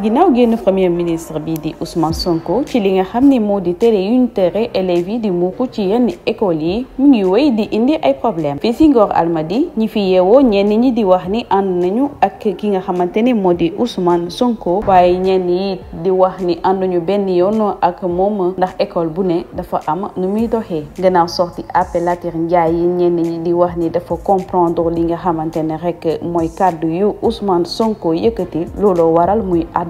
ginnaaw génn premier ministre bi di Ousmane Sonko ci li nga xam ni moo di yu ñu tere élèves yi di muuku ci yenn école yi mu ngi woy di indi ay problème fii si alma di ñi fi yeewoo ñenn ñi di wax ni ànd nañu ak ki nga xamante ni moo di Ousmane Sonko waaye ñenn yi di wax ni ànduñu benn yoon ak moom ndax école bu ne dafa am nu muy doxee gannaaw sorti appellateur Ndiaye yi ñenn ñi di wax ni dafa comprendre li nga xamante ne rek mooy kàddu yu Ousmane Sonko yëkkati looloo waral muy àdd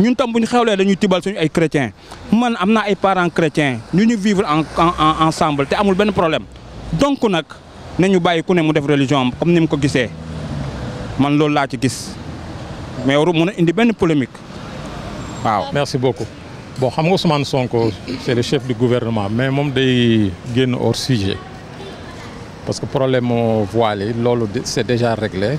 Nous tam tous les dañuy chrétiens nous avons des parents chrétiens nous vivons vivre en ensemble nous amul benn problème donc nous nañu bàyyi ku mu religion comme nous l'avons ko C'est man loolu ci mais il mun a indi polémique waaw. merci beaucoup bon xam nga Ousmane Sonko c'est le chef du gouvernement mais il day génn hors sujet parce que problème voilé, voile c'est déjà réglé.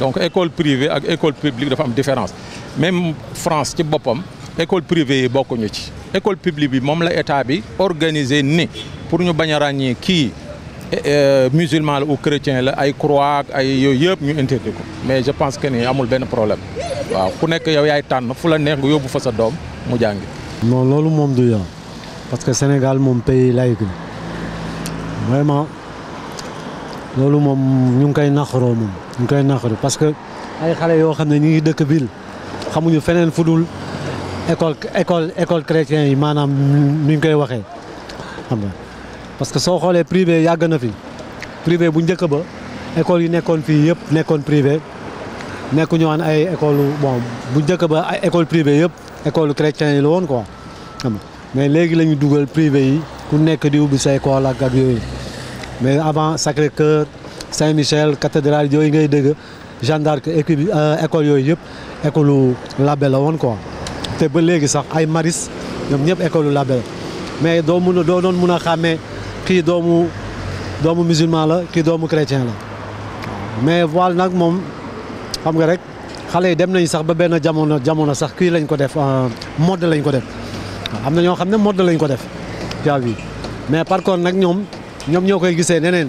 donc école privée ak école publique dafa am différence même France ci boppam école privée yi ci école publique bi moom la état bi organiser ni pour ñu bañ a ràññee kii eh, eh, musulman la ou chrétien la ay croix ak ay yooyu yëpp ñu interdit ko mais je pense que ni amul benn problème waaw ku nekk yow yaay tànn fu la neex nga yóbbu fa sa doom mu jàngi. non loolu moom du yoon parce que Sénégal moom pays laïque la vraiment loolu moom ñu ngi koy naxaroo moom. ñu koy naqaru parce que ay xalé yo xamné ñi ngi dëkk ville xamuñu fudul école école école chrétien yi manam ñu koy waxé xam nga parce que so xolé privé yag na fi privé bu ñëk ba école yi nekkon fi yépp nekkon privé nekku ñu an ay école bon bu ñëk ba ay école privé yépp école chrétien yi lo won quoi xam mais légui lañu duggal privé yi ku nekk di ubbi say école ak yoy mais avant sacré cœur Saint-Michel cathédrale yooyu ngay dégg Jeanne d'Arc équipe euh, école yooyu yëpp école labé la woon quoi te ba léegi sax ay maris ñoom ñëpp école labé mais doo mun a doo doon mun a xàmmee kii doomu doomu musulman la kii doomu chrétien la mais voile nag moom xam nga rek xale yi dem nañ sax ba benn jamono jamono sax kii lañ ko def euh, mode lañ ko def am na ñoo xam ne mode lañ ko def jaaw bi mais par contre nag ñoom ñoom ñoo koy gisee neneen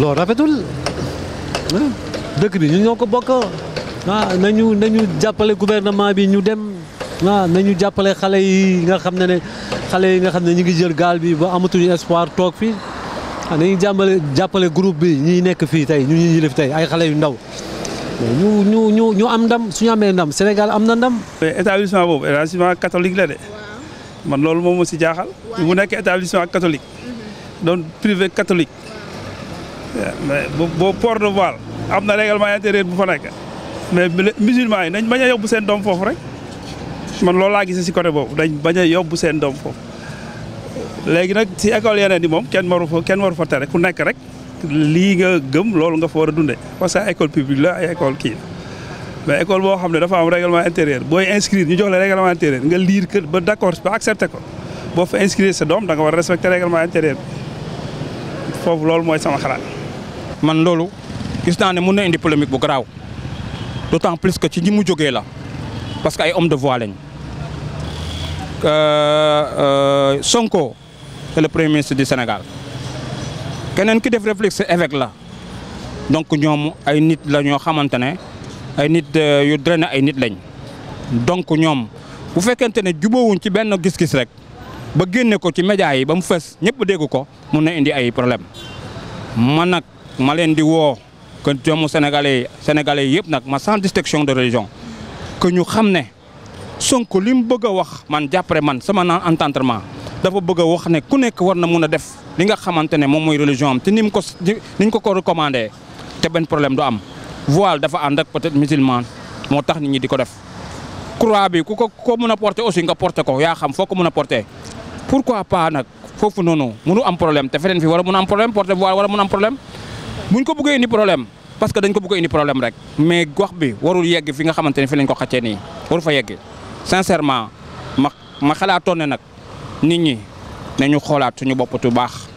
loolu rafetul dëkk bi ñun ñoo ko bokk waaw ah, nañu nañu jàppale gouvernement bi ñu dem waaw ah, nañu jàppale xale yi nga xam ne ne xale yi nga xam ne ñu ngi jël gaal bi ba amatuñu espoir toog fii ah nañu jàmbale jàppale groupe bi ñuy nekk fii tey ñu ñi def ay xale yu ndaw ñu ñu ñu ñu am ndam suñu amee ndam Sénégal am na ndam. établissement boobu établissement catholique la de man loolu moom si jaaxal mu nekk établissement catholique mhm. doon privé catholique. Eh, mais boo port de voile am na règlement intérieur bu fa nekk mais musulman yi nañ bañ a yóbbu seen doom foofu rek man loolu laa gisee si côté boobu dañ bañ a yóbbu seen doom foofu. léegi nag si école yeneen yi moom kenn waru fa kenn waru fa tere ku nekk rek lii nga gëm loolu nga fa war a dundee parce que école publique la ay école kii mais école boo xam ne dafa am règlement intérieur booy inscrire ñu jox la règlement intérieur nga liir kër ba d'accord ba accepté ko boo fa inscrire sa doom da war a respecté règlement foofu loolu mooy sama xalaat. man lolu gis na ne mu ne indi polémique bu graw d'autant plus que ci ñi mu joggé la parce que ay homme de voix lañ euh, euh, Sonko c'est le premier ministre du Sénégal kenen ki def réflexe évêque la donc ñom ay nit la ñoo xamantene ay nit euh, yu drainer ay nit lañ donc ñom bu fekkante ne wuñ ci benn gis-gis rek ba génné ko ci média yi ba mu fess ñepp dégg ko mu ne indi ay problème man nak ma du di woo que doomu sénégalais sénégalais yep nag ma sans distinction de religion que ñu xam son Sonko li mu bëgg wax man diapreman man sama naan entendrement dafa bëgg a wax ne ku nekk war na mun def li nga xamante ne religion am te ni ko ni ko ko recommandé te problème du am voile dafa ànd ak peut-être musulman moo ni nit ñi di ko def. croix bi ko ko porter aussi nga porter ko y'a xam foo ko mun porter pourquoi pas nag non non munu am problème te feneen fi war a mun a am problème porter voile war a am problème. buñ ko bëggé ni problème parce que dañ ko bëggé ni problème rek mais gox bi warul yegg fi nga xamanteni fi lañ ko xaccé ni waru fa yegg sincèrement ma ma xalaatoon ne nag nit ñi nañu xolaat suñu boppatu baax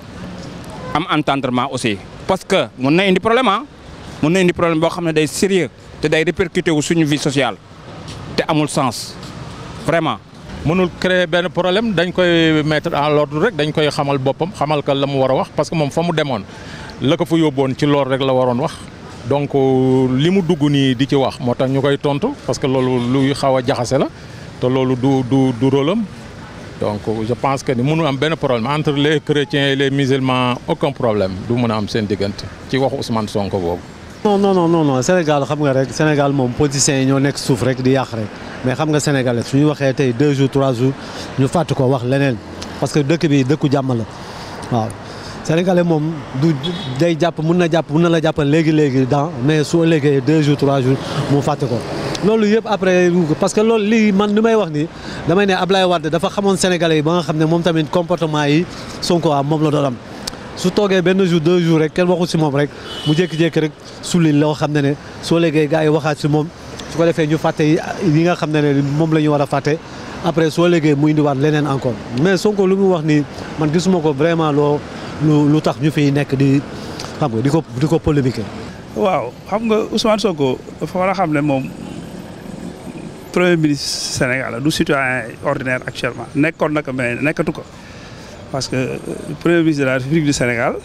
am entendrement aussi parce que mu na indi problème ah mun na indi problème bo xamné day sérieux té day répercuté wu suñu vie sociale té amul sens vraiment mënul créer ben problème dañ koy mettre en l'ordre rek dañ koy xamal bopam xamal ka la wara wax parce que mom fa mu demoon la ko fa yóbboon ci lor rek la waroon wax donc limu mu dugg nii di ci wax motax ñukay tontu parce que lolu lu xawa jaxase la te lolu du du du rolam donc je pense que ni mënu am ben problème entre les chrétiens et les musulmans aucun problème du mëna am sen diggante ci wax Ousmane Sonko boobu. non non non non Sénégal xam nga rek Sénégal mom politiciens yi ñoo nekk suuf rek di yax rek mais xam nga sénégalais suñu waxé tay 2 jours 3 jours ñu fàtt ko wax leneen parce que dëkk bi dëkku jàmm la waaw. Sénégalais mom du day japp mun na jàpp mun la japp légui légui dans mais su ëllëgee deux jours trois jours mu faté ko. lolou yépp après parce que loolu li man li may wax ni damay né Ablaye Wade dafa xamone sénégalais yi ba nga xam ne tamit comportement yi son am mom la doon am. su togué benn jour deux jours rek kenn waxu ci mom rek mu jékki-jékki rek suli lo xamné né ne soo gaay waxat ci mom si su ko défé ñu faté yi nga xamné né mom moom la ñu war a après soo léegee mu indi wat lénen encore mais son Sonko lu mu wax ni man gisuma ko vraiment lo lu lu tax ñu fiy nekk di xam nga di ko di ko polémiquer. waaw xam nga Ousmane Sonko dafa war a xam ne moom premier ministre Sénégal du citoyen ordinaire actuellement nekkoon na ko mais nekkatu ko parce que euh, premier ministre de la République du Sénégal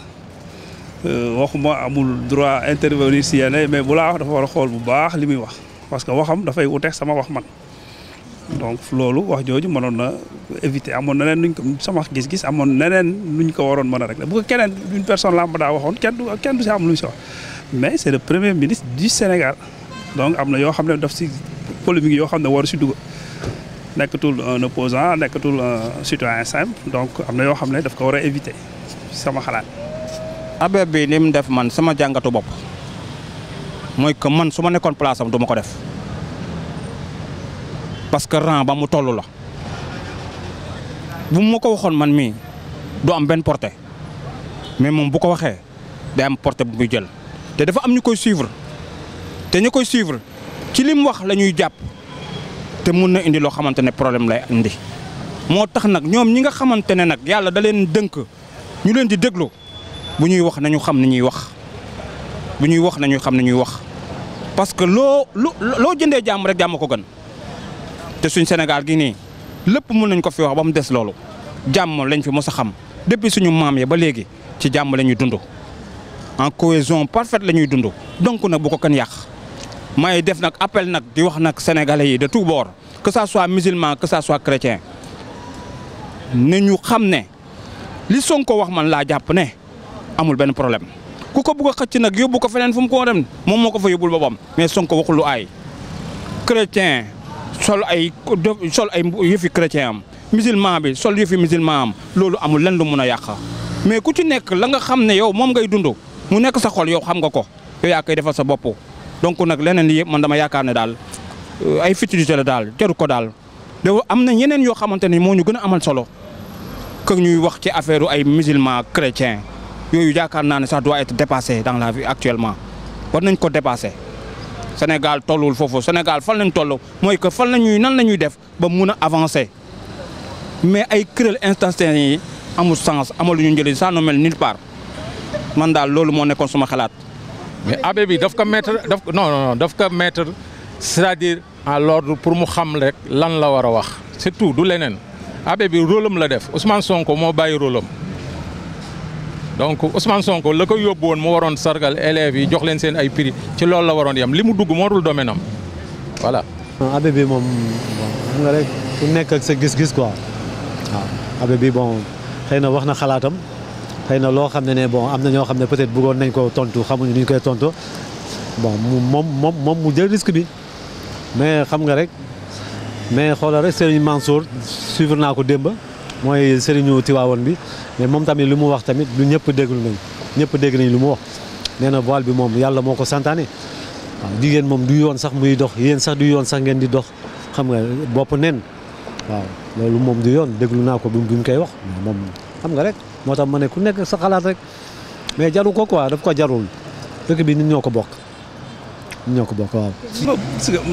euh, waxuma amul droit intervenir si yenn mais bu wax dafa war a xool bu baax li muy wax parce que waxam dafay wuteex sama wax man. donc loolu wax jooju mënoon na éviter amoon na nuñ ko sama gis-gis amoon na nuñ ko waroon mën a régler bu ko keneen une personne làmb daa waxoon kenn du kenn du si am lu ñu si wax mais c' est le premier ministre du Sénégal donc am na yoo xam ne daf si polémique yoo xam ne waru si dugg nekkatul un opposant nekkatul un citoyen simple donc am na yoo xam ne daf ko war a éviter sama xalaat. Abib bi li mu def man sama jàngatu bopp mooy que man su ma nekkoon place am du ma ko def. parce que rang ba mu tollu la bu ma ko man mi du am ben porté mais mom bu ko waxé day am porté bu muy jël té dafa am ñukoy koy suivre te ñukoy suivre ci lim wax la japp té te indi lo xamantene ne problème lay indi. moo tax nak ñoom ñi nga xamantene ne yalla da leen dënk ñu leen di déglu bu ñuy wax nañu xam nañuy wax bu ñuy wax nañu xam nañuy wax parce que lo lo jëndé jëndee rek jam ko gën te suñu Sénégal gi ni lepp mën nañ ko fi wax bam dess des jamm lañ fi mos xam depuis suñu mam ya ba légui ci jamm lañuy dundu en cohésion parfaite lañuy dundu donc nak bu ko kan yak may def nak appel nak di wax nak sénégalais yi de tout bord que ça soit musulman que ça soit chrétien nañu ñu xam ne li Sonko wax man la japp ne amul ben problème ku ko bëgg a xëcc nag yóbbu ko fenen fu mu ko dem mom moko fa yobul bobam mais Sonko waxul lu ay chrétien sol ay sol ay les chrétien am musulman bi sol musulman amul lu mais ku ci nek la nga xamne yow mom ngay dundou mu nek sa xol yow xam nga ko yow yakay defal sa bop donc nak leneen li man dama ne dal euh, ay la dal teru ko dal amna ñeneen amal solo que ñuy wax ci affaire ay musulman chrétien ça doit être dépassé dans la vie actuellement war nañ ko dépasser. Sénégal tollul fofo, Sénégal fal nañ toll moy que fal la nan la def ba mëna avancer mais ay kuréel instantané yi amul sens amul ñu njëriñ ça ne mène nulle part man dal lolu mo nekkon suma xalaat. mais abbé bi daf ko mettre daf non non daf ko mettre c'est-à-dire à l'ordre pour mu xam rek lan la wara wax c'est tout du lenen abbé bi rôle la def Ousmane Sonko mo bàyyi rôle donc Ousmane Sonko la ko yóbbu woon mu waroon sargal élèves yi jox leen seen ay prix ci loolu la waroon yam li mu dugg moo dul domaine am voilà. Ah, abbé bi moom xam nga rek ku nekk sa gis-gis ko waaw abbé bi bon xëy na wax na xalaatam xëy na loo xam ne ne bon am na ñoo xam ne peut-être bëggoon nañ ko tontu xamuñu ñu koy tonto bon moom moom mu jël risque bi mais xam nga rek mais xoolal rek Serigne Mansour suivre naa ko démb. mooy sëriñu Tiwaawoon bi mais moom tamit lu mu wax tamit lu ñëpp déglu nañ ñëpp dégg nañ lu mu wax nee na voile bi moom yàlla moo ko santaane waaw jigéen moom du yoon sax muy dox yéen sax du yoon sax ngeen di dox xam nga bopp nen waaw loolu moom du yoon déglu naa ko bi mu koy wax moom xam nga rek moo tax ma ne ku nekk sa xalaat rek mais jaru ko quoi daf ko jarul dëkk bi nu ñoo ko bokk nit ñoo ko bokk waaw.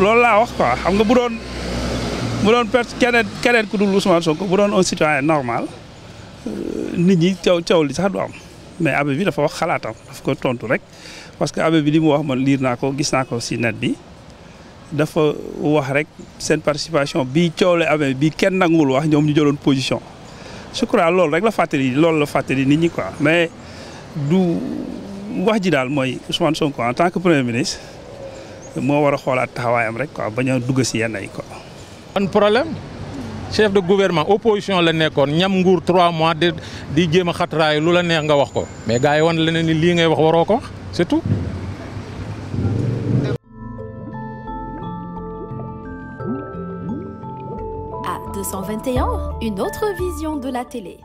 loolu laa wax quoi xam nga bu doon bu doon perte keneen keneen ku dul Ousmane Sonko bu doon un citoyen normal euh, nit ñi caw caw li sax du am mais abbé bi dafa wax xalaatam daf ko tontu rek parce que abbé bi di mu wax ma liir naa ko gis naa ko si net bi dafa wax rek seen participation bii coowle abbé bi kenn nanguwul wax ñoom ñu jëloon position je crois loolu rek la fàttali loolu la fàttali nit ñi quoi mais du wax ji daal mooy Ousmane Sonko en tant que premier ministre moo war a xoolaat taxawaayam rek bañ dugg si yenn yi quoi. un problème chef de gouvernement opposition la nekkoon ñam nguur trois mois di di a lu la neex nga wax ko mais gars yi wan la ni li ngay wax waro ko c'est tout. À 221, une autre vision de la télé.